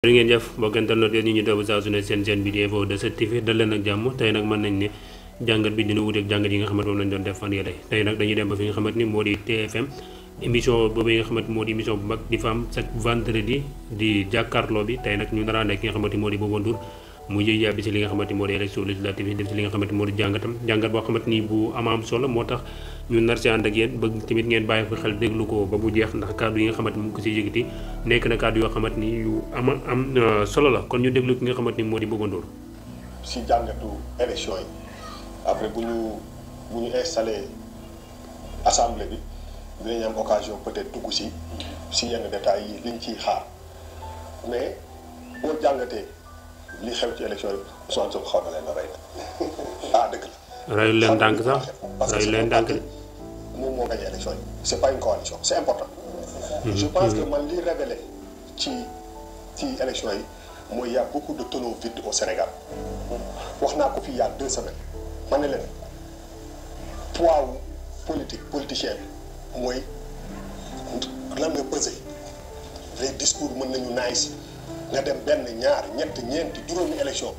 jërë ngeen jëf mbokkante noot yéen ñi ñu doobu saa su ne seen bi di Info 2S TV dal ak jàmm tey nag mën nañ ne jàngat bi dina wuteeg jàngat yi nga xamante moo di TFM émission boobu nga xamante moo di émission bu mag di fa am chaque vendredi di jàkkaarloo bi tey nag ñu nar a ànd ak ki nga xamante moo di Bouba Ndour mu jëy yàbbi si li nga xamante moo di élection législative def si li nga xamante moo di jàngatam jàngat boo xamante ni bu am solo moo tax ñu nar ci ànd ak yéen bëgg tamit ngeen bàyyi fa xel déglu ko ba mu jeex ndax kàddu yi nga xamante ni ko ci yëgati nekk na kàddu yoo xamante ni yu ama am euh, solo la kon ñu déglu ki nga xamante ni moo di Bouba Ndour si jàngatu élection yi après bu ñu bu ñu installé bi dinañ am occasion peut dugg si si yenn détails yi liñ ciy xaar mais boo jàngatee li xew ci élection yi Ousmane Sonko xaw na leen a rey ah dëgg la. rayul leen ndànk sax rayul leen ndànk de. moom moo élection yi pas une coalition c'est important. Mhm. je pense que mhm. man li révélé ci ci élection yi mooy y' a beaucoup de tonneaux vides au Sénégal wax naa ko fii y' a deux semaines ma ne leen politique politicien bi mooy lan nga pesé les discours mën nañu naaj si nga dem benn ñaar ñett ñeenti juróomi élection.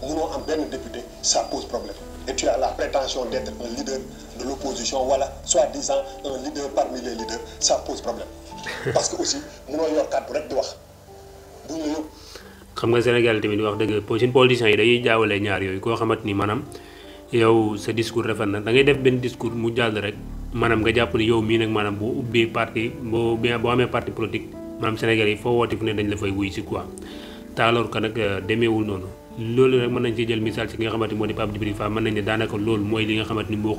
Nous am benn député ça pose problème et tu as la prétention d'être un leader de l'opposition Voilà, soi-disant un leader parmi les leaders ça pose problème parce que aussi mënoo yor kàddu rek di wax bu ñu xam nga Sénégal tamit wax dëgg suñu politiciens yi dañuy jaawale ñaar yooyu koo xamante ni maanaam yow sa discours rafet na da ngay def benn discours mu jàll rek manam nga jàpp ni yow mii nag manam, boo ubbee parti boo bien boo amee parti politique manam Sénégal yi foo woote fu ne dañ la fay wuy si quoi te alors que nag euh, demeewul noonu. loolu rek mën nañ ci jël misaal ci nga xamante moo di Pape Djibril Fall a rey ki nga xamante ni moo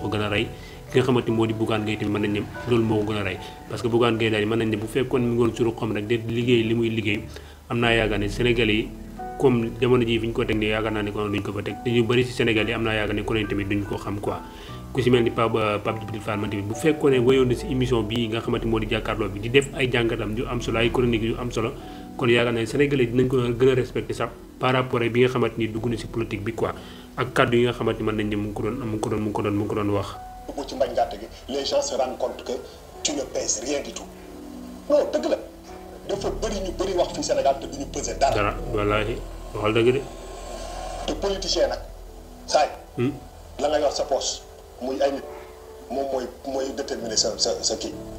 a rey parce que Bougane Gueye daal mën nañ euh, man tamit bu fekkoon ne wayoon na si bii nga xamante moo di jàkkaarloo bi di def ay jàngatam yu am solo ay chronique yu am solo kon yaakaar naa ne sénégalais dinañ ko gën a respecté sax par rapport ak bi nga xamante ni dugg na si politique bi quoi ak kàddu yi nga xamante ni mën nañ ne mu ngi ko doon mu ngi ko doon mu ngi ko doon mu ngi ko doon wax. dugg ci mbañ gàtt gi les gens se rendent compte que tu ne pèses rien du tout non dëgg la dafa bëri ñu bëri wax fii Sénégal te du ñu peser dara. dara wallaahi waxal dëgg de. te politicien nag saay hmm? la nga yor sa poche muy ay nit moom mooy mooy déterminer sa sa sa kii.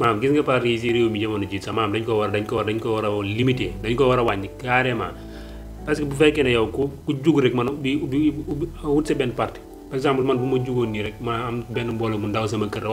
maanaam gis nga parti yi si réew mi jamono ji sax maanaam dañ ko war dañ ko war dañ ko war a limité dañ ko war a wàññi carrément parce que bu fekkee ne yow ku ku jug rek man bi ubbi wut sa benn parti par exemple man bu ma jugoon nii rek ma am benn mbooloo mu ndaw sama kër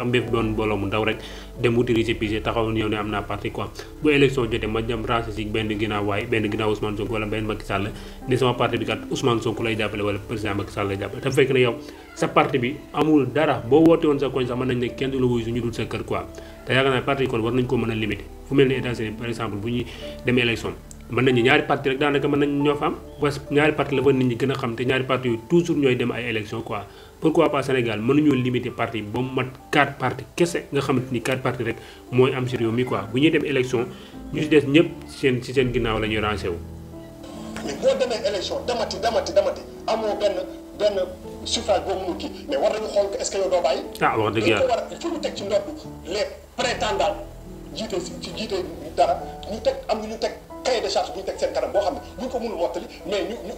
am benn mbooloo mu ndaw rek dem wuti récépissé taxaw ñëw am naa parti quoi bu élection jotee ma dem rangé si benn ginnaaw waay benn ginnaaw Ousmane Sonko wala benn Macky Sall ne sama parti bi kat Ousmane Sonko lay jàppale wala président Macky Sall lay jàppale te fekk na yow sa parti bi amul dara boo woote woon sa koñ sax mën nañ ne kenn du la wuyu suñu dul sa kër quoi te yaakaar a limiter mën nañu ñaari parti rek daanaka mën nañu ñoo fa am parce que ñaari parti la fa nit ñi gën a xam te ñaari parti yooyu toujours ñooy dem ay élection quoi pourquoi pas Sénégal mënuñoo limiter parti ba mat quatre parti kese nga xamante ni quatre parti rek mooy am si réew mi quoi bu ñuy dem élection ñu si des ñëpp seen si seen ginnaaw la ñuy rangé wu. mais boo demee élection damati damati damati amoo benn benn suffrage boo mënul kii mais war nañu xool est doo bàyyi. ah wax dëgg yàlla cahier de charge bu ñu teg seen kanam boo xam ne bu ko mënul mais ñu ñu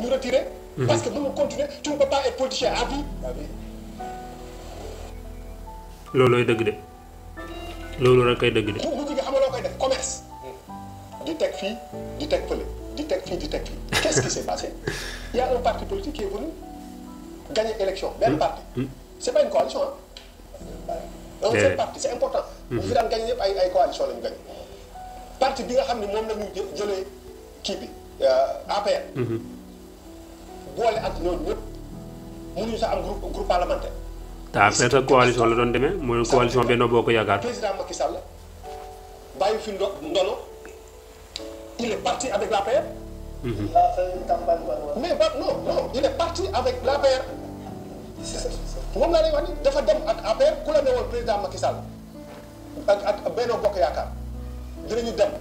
ñu retirer. Mhm. parce que nous continuer tu ne peux pas être politicien à vie. loolooy dëgg de loolu rek kay dëgg de. bu gi xam nga def commerce. Du teg fii du teg fële Du teg fii du teg fii qu'est-ce qui s'est passé il y a un parti politique qui est venu gagner élection. Même parti. Hmm. c'est pas une coalition C'est hein. un eh. parti c'est important. Hmm. vous fi daan gagner y ay ay coalition parti bi nga xam ne moom la ñu jëlee kii bi euh, APR. Mhm. boole ak ñooñu ñëpp mënuñu sax am groupe groupe parlementaire. te APR coalition la doon demee mooy coalition Benno Bokk Yaakaar. président Macky Sall bàyyi fi ndo ndono il est parti avec l'APR. il a fait une campagne mais ba non non il est parti avec la l'APR. moom laa lay wax ni dafa dem ak APR ku la newoon président Macky Sall ak ak Benno Bokk Yaakaar dinañu dem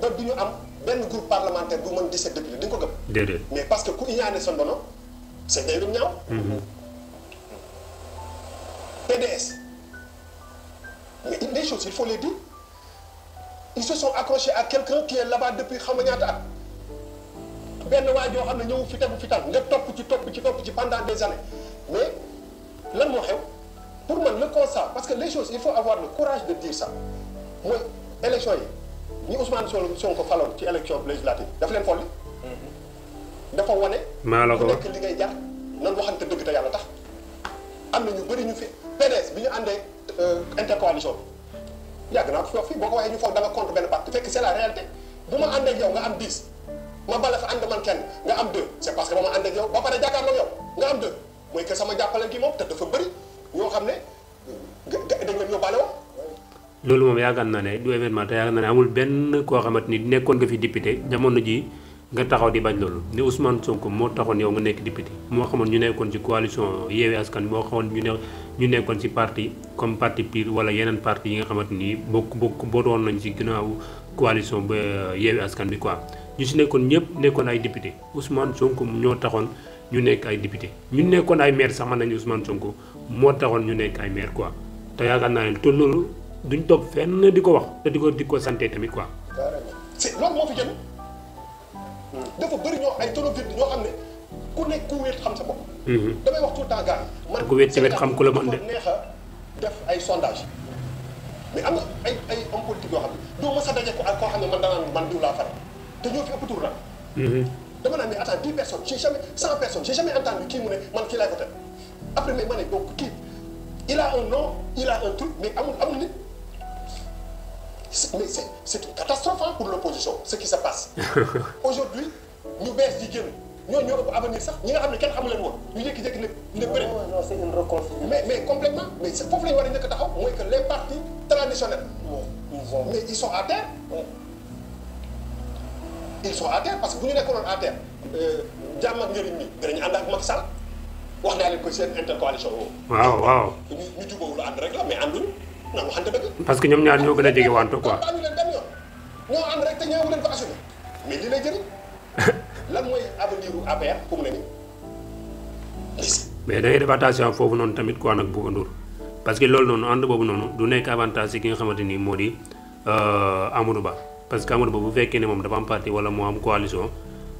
ba du am benn groupe parlementaire bu mën 17 depuis, di ko gëm. mais parce que ku iñaane sa ndono c'est ndey du ñaaw. Mhm. PDS mais des choses il faut les dire ils se sont accrochés à quelqu'un qui est là-bas depuis xam nga ñaata at. benn waa joo xam ne ñëw fi tegu fi nga topp ci topp ci topp ci pendant des années mais lan moo xew pour man le constat parce que les choses il faut avoir le courage de dire ça mooy. élection yi ñi Ousmane Sonko faloon ci élection législative dafa leen folli dafa wane. maa la ko wax nekk li ngay jar nan waxante dëgg te yàlla tax am na ñu bëri ñu fi PDS bi ñu àndee euh, intercoalition bi yàgg naa ko fi wax fii boo ko waxee ñu foog da nga contre benn parti fekk c'est la réalité bu ma àndee nga am 10 ma bala fa ànd man kenn nga am 2 c'est parce que ba ma àndee ak yow ba pare jàkkaarloo yow nga am 2 mooy que sama jàppale gi moom te dafa bari ñoo xam ne dañ leen yóbbaale woon. loolu moom yaakaar naa ne du événement te yaakaar naa ne amul benn koo xamante ni nekkoon nga fi député jamono ji nga taxaw di bañ loolu ne Ousmane Sonko moo taxoon yow nga nekk député moo xamoon ñu nekkoon ci coalition Yewwi Askan moo xamoon ñu ne ñu nekkoon ci parti comme parti PUR wala yeneen parti yi nga xamante ni bokk bokk bootoon nañ ci ginnaaw coalition ba euh, Yewwi Askan bi quoi ñu si nekkoon ñëpp nekkoon ay député Ousmane Sonko ñoo taxoon ñu nekk ay député ñu nekkoon ay maire sax mën nañu Ousmane Sonko moo taxoon ñu nekk ay maire quoi te yaakaar naa ne te loolu duñ toog fenn di ko wax te di ko di ko santé tamit quoi. c'est loolu moo fi jëm dafa bëri ñoo ay tolo vide ñoo xam ne ku nekk ku wéet xam sa bopp. Mhm. damay wax tout le temps gars man ku wéet ci wéet xam ku la mën de neex a def ay sondage mais am na ay ay homme politique yoo xam ne doo mës a daje ko ak koo xam ne man danaan man diw laa faral te ñoo fi ëpp tour na. Mhm. dama naan mais attends dix personnes j'ai jamais cent personnes j'ai jamais entendu kii mu ne man kii laay voté après mais ma ne donc kii il a un nom il a un truc mais amul amul nit. C'est une catastrophe hein, pour l'opposition, ce qui se passe. Aujourd'hui, nous baissons du nous ñoo ça, nous sax Nous, ne mais mais complètement mais c'est pour que les partis traditionnels. ils ils sont à terre. ils sont à terre parce que nous, ñu à terre diamant euh, ak ak Macky intercoalition non parce que ñoom ñaar ñoo gën a jege wanto quoi. ñoo ànd rek te ñëw ko mais li lay jëriñ lan foofu noonu tamit quoi nag Bouba Ndour parce que loolu noonu ànd boobu noonu du nekk avantage ci ki nga xamante ni moo di euh, Amadou Ba parce que Amadou Ba bu fekkee ne moom dafa am parti wala moo am coalition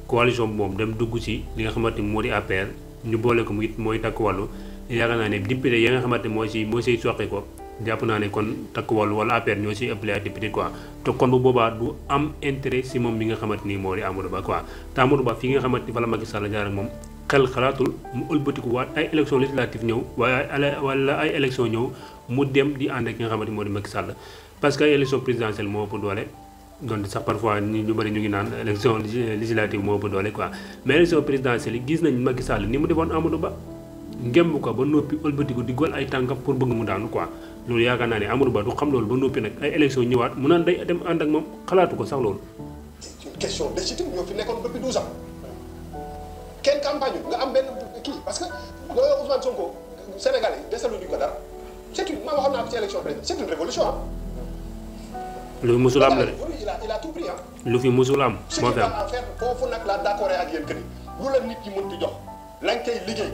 coalition bi moom dem dugg ci li nga xamante ni moo di APR ñu boole ko mu mooy takk wàllu yaakaar naa ne député ya nga xamante ni moo si moo siy soqi ko. jàpp naa ne kon takk wàllu wala APR ñoo si ëppale ak député quoi te kon bu boobaa du am intérêt si moom mi nga xamante ni moo di Amadou Ba quoi te nga xamante ni fa la Macky Sall jaar ak moom xel xalaatul mu ëlbatiku waat ay élection législative ñëw waaye wala ay élection ñëw mu dem di ànd ak ki nga xamante ni moo di Macky Sall parce que ay élection présidentielle moo ëpp doole donc sax parfois ñu bëri ñu ngi naan élection législative moo ëpp doole quoi mais élection présidentielle yi gis nañ Macky Sall ni mu defoon Amadou Ba ngemb ko ba nopi ëlbati ko di gol ay tangam pour bëgg mu daanu quoi loolu yaaka naa ne Amadou Ba du xam loolu ba nopi nak ay election ñëwaat mu naan day dem and ak mom xalaatu ko sax loolu. c'est une question légitime ñoo fi nekkon depuis 12 ans kenn campagne nga am ben ki parce que loo yor Ousmane Sonko sénégalais yi desalu ñu ko dara c'est une ma waxoon naa ci élection président c'est une révolution ah. lu fi musul am la rek il a tout pris ah. lu fi musul am mo fi am. fofu nak la d'accord ak yeen que ni lu la nit ki mën ti jox lañ tay liggéey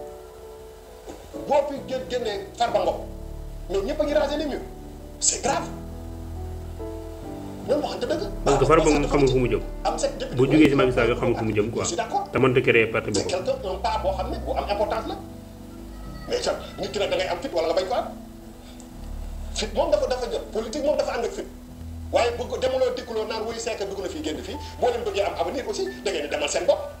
boo fi gén génnee Farba a ngi ranger les murs c'est grave ñoom waxante dëgg. donc Farba Ngom xamul fu mu jëm. sa député bu jógee si Macky Sall xamul fu mu jëm quoi. je suis d'accord te mënut a créer parti boobu. c'est boo xam ne bu am importance la mais sax nit ki nag da ngay am fit wala nga bañ ko am fit moom dafa dafa jot politique moom dafa ànd ak fit. waaye bu demuloo dikkuloo naan wuyu Seck dugg na fii génn fii boo leen bëggee am avenir aussi da ngeen di seen bopp.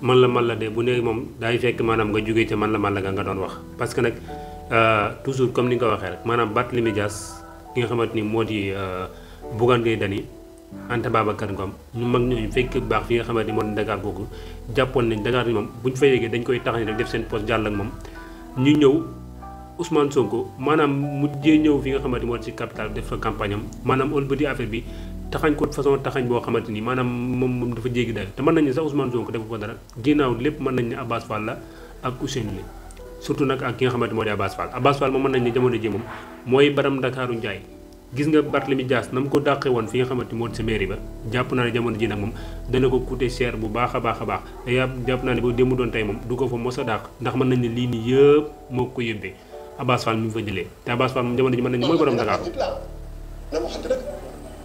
man la man la de bu ne moom daay fekk maanaam nga jógee ca man la man la nga doon wax parce que nag euh, toujours comme ni nga ko waxee rek maanaam Barthélémy Dias ki nga xamante ni moo di euh, Bougane Gueye Dany Anta Babacar Ngom ñu mag ñooñu baax fi nga xamante moo di Dakar googu jàppoon nañ Dakar ni moom bu ñu fa yéegee dañ koy taxani rek def seen poste jàll ak moom ñu ñëw Ousmane Sonko maanaam mujjee ñëw fi nga xamante ni moo di ci capital def fa campagne am maanaam ëlbati affaire bi taxañ ko façon taxañ boo xamante ni maanaam moom moom dafa jéggi dayo te mën nañu sax Ousmane Sonko def ko dara ginnaaw lépp man nañ ne Abbas Fall la ak Ousseynou Ly surtout nag ak ki nga xamante moo di Abbas Fall Abbas Fall moom mën nañ ne jamono moom mooy baram Ndakaaru Njaay gis nga Barthélemy Dias na mu ko dàqe woon fi nga xamante moo di sa mairie jàpp naa jamono ji nag ko coûter cher bu baax a baax a baax te jàpp naa ne ba démb doon tey moom du ko fa mos a dàq ndax man nañ ne lii nii yëpp moo ko yóbbee Abbas Fall mi mu fa jëlee te Abbas Fall moom jamono ji man nañ ne mooy borom Dakar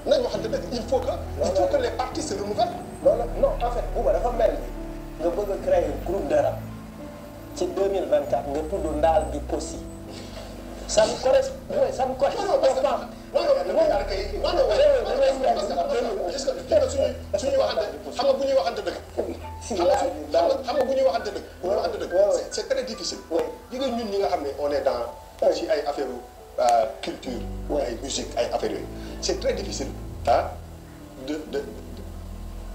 il faut que. les partis se renouvellent. non en fait Bouba voyez, mel ni nga un créer groupe de rap 2024 nous le bi ça me correspond ça correspond non non non non non c'est très difficile. on est dans non, euh, culture. Ouais, musique eh, affaire. c'est très difficile hein, de de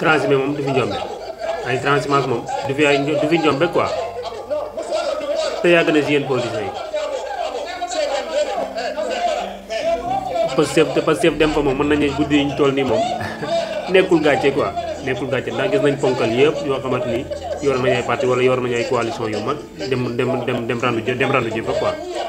transhumé moom du fi njombe ay transhumance moom du fi ay du fi njombe quoi te yàgg na si yéen politiciens yi Pastef te Pastef dem fa moom mën nañu guddi ñu toll nii moom nekkul gàcce quoi nekkul gàcce ndax gis nañ ponkal yëpp yoo xamante ni yor nañu ay parti wala yor nañu ay coalition yu mag dem dem dem dem randu jë dem randu jë fa quoi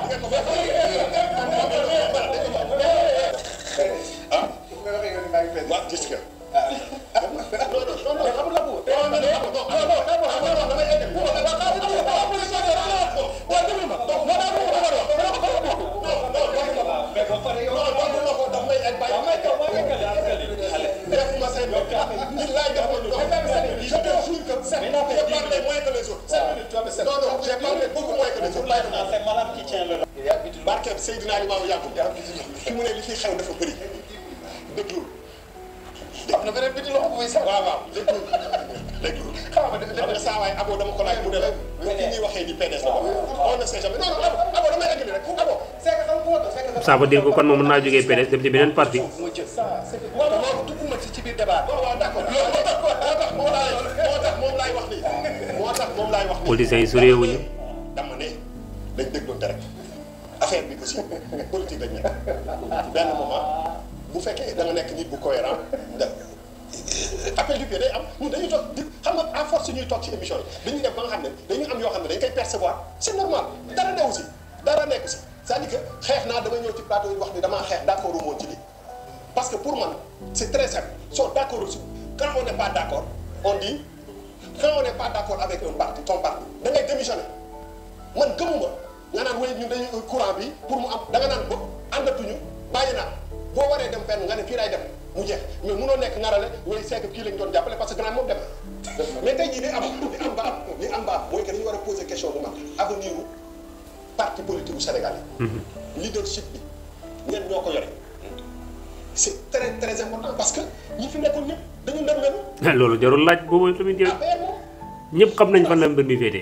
Seydina Limaamu yàggul ko laaj mu ne la. li ñuy waxee kon moom mën naa jógee PDS dem ci beneen parti. waaw loolu dugguma ci ci biir débat. waaw waaw moom laay wax moom laay wax nii. yi soriwuñu. dama ne sëñ bi le politique dañ nekk moment bu fekkee da nga nek nit bu cohérent appel du pied day am ñun dañuy tok di xam nga à force ñuy tok ci émission yi dañuy def ba nga xam ne dañuy am yo xam dañ koy percevoir c'est normal dara newu aussi, dara nek ci c'est-à-dire que xeex n'a dama ñëw ci plateau yi wax ni dama xex d'accord mo ci li parce que pour moi, c'est très simple so d'accord aussi quand on n'est pas d'accord on dit quand on n'est pas d'accord avec un parti ton parti da ngay démissionner man gëmuma nga naan wéy ñun dañuy courant bi pour mu am da nga naan ko àndatuñu bàyyi naa boo waree dem fenn nga ne fii laay dem mu jeex mu munoo nekk ngarale wéy sekk kii lañ doon jàppale parce que gannaaw moom dem mais tey jii li am li am ba am am ba am mooy que dañu war a poser question bu mag avenir u parti politique u Sénégal yi. Mhm. leadership bi ñenn ñoo ko yore. c' parce que ñi fi nekkoon ñëpp dañu ndar loolu jarul laaj boobu tamit yow. Ah, ñëpp xam nañ fan la mi féetee.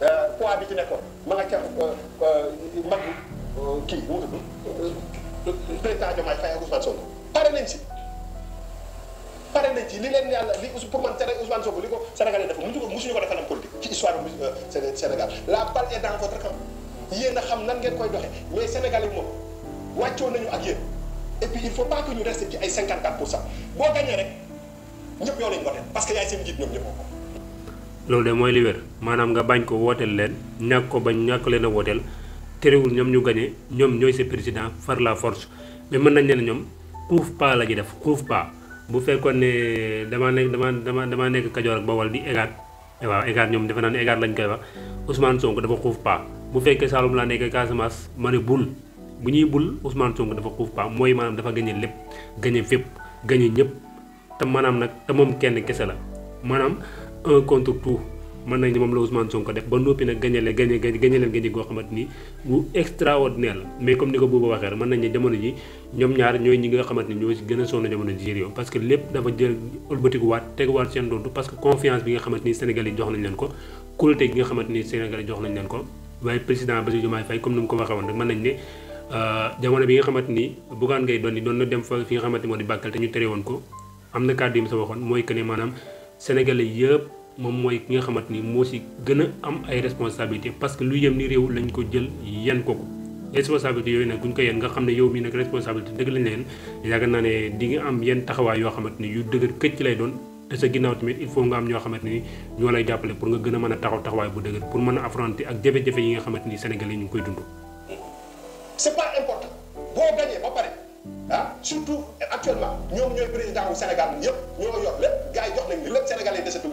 Euh, pois bi ci nekkoon man nga ca euh, euh, mag kii mu tudd président Diomaye Faye ak Ousmane Sonko pare nañ si pare nañ ci li leen yàlla li pour man tere Ousmane Sonko li ko Sénégalais dafa musu ko musuñu ko defalam politique ci histoire du Sénégal la balle est dans votre camp yéen a xam nan ngeen koy doxee mais Sénégalais moom wàccoon nañu ak yéen et puis il faut pas que ñu reste ci ay 54 pour sax boo gagné rek ñëpp yow lañ voté parce que yaay seen njiit ñoom ñëppoo ko loolu de mooy li wér maanaam nga bañ ko wooteel leen ñàkk ko bañ ñàkk leen a wooteel terewul ñoom ñu gañe ñoom ñooy sa président far la force mais mën nañ ne ñoom xuuf pa la ñuy def xuuf pa bu fekkoon ne damaa nekk dama dama damaa Kajoor ak Bawol di égaat eh waaw égaat ñoom defe naa ne égaat lañ koy wax Ousmane Sonko dafa xuuf pa bu fekkee Saalum laa nekk Casamance ma ne bul bu ñuy bul Ousmane Sonko dafa xuuf pa mooy maanaam dafa gañe lépp gañe fépp gañe ñëpp te maanaam nag te moom kenn kese la maanaam un contre tout mën nañ moom la Ousmane Sonko def ba noppi nag gañale gañe gañe goo xamante ni bu extraordinaire mais comme ni ko boobu waxee rek mën nañ ni a sonn jamono ji réew parce que lépp dafa bi nga xamante ni Sénégal yi jox nañ leen ko kóolute gi nga xamante ko waaye président Bassirou Diomaye Faye comme ni mu ko waxee woon euh, nga xamante ni Bougane Gueye doon na dem fa fi nga xamante ni moo di Bakel te ñu tere woon ko am na kàddu yi mu sa waxoon mooy que ne maanaam Sénégalais yëpp moom mooy ki nga xamante ni moo si gën a am ay responsabilité parce que lu yem ni réew lañu ko jël yen ko ko responsabilité yooyu nag bu ñu ko yen nga xam ne yow mii nag responsabilité dëgg lañ leen yaakaar naa ne di nga am yenn taxawaay xamante ni yu dëgër këcc lay doon te tamit il faut nga am ñoo xamante ni ñoo lay jàppale pour nga gën a mën a taxaw taxawaay bu dëgër pour a affronter ak jafe-jafe yi nga xamante ni koy dund. Ah, Sénégal ñëpp ñoo yor lépp gars yi jox nañu lépp Sénégalais yi desatul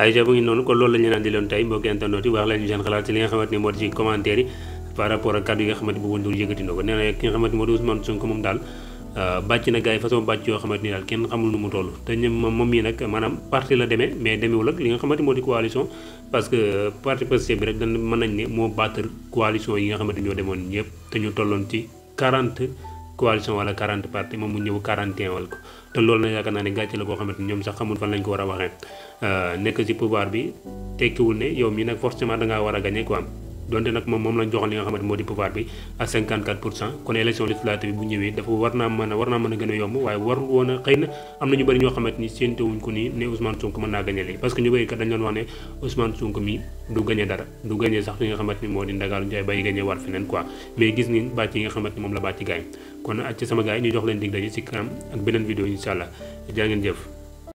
ay ja bu ngi noonu kon loolu la ñu naan di loon tey mbokki internet yi wax leen ñu seen xalaat ci li nga xamante ni moo ci commentaire yi par ko moom daal euh, bàcc na gars façon bàcc yoo xamante ni daal kenn xamul nu mu toll te ñoom moom mii nag maanaam parti la demee mais demeewul ak li nga xamante moo di coalition parce que euh, parti Pastef bi rek dañ mën nañ ne moo battre coalition yi nga xamante ñoo demoon ñëpp te ñu tolloon ci 40 coalition wala 40 parti moom mu ñëw 41 wal ko te loolu nag yaakaar naa ne gàcce la boo xamante ni ñoom sax xamul fan lañ ko war a waxee euh, nekk ci pouvoir bi tekkiwul ne yow mii nag forcément da ngaa war a gagné quoi. donte nag moom moom lañ joxoon li nga xamante moo di pouvoir bi à 54 pour cent kon élection législative bi bu ñëwee dafa war naa mën a a gën a yomb waaye warul woon a xëy na am na ñu bëri ñoo xamante ni séentewuñ ko nii ne Ousmane Sonko mën naa gañalee parce que ñu bëri kat dañ doon wax ne Ousmane Sonko mi du gañe dara du gañe sax li nga xamante ni moo di ndagaalu njaay bay gañe war feneen quoi mais gis ni bàcc yi nga xamante ni moom la bàcc gaay kon ak ci sama gaay ñu jox leen dig daje ci kanam ak beneen vidéo incha allah jaa ngeen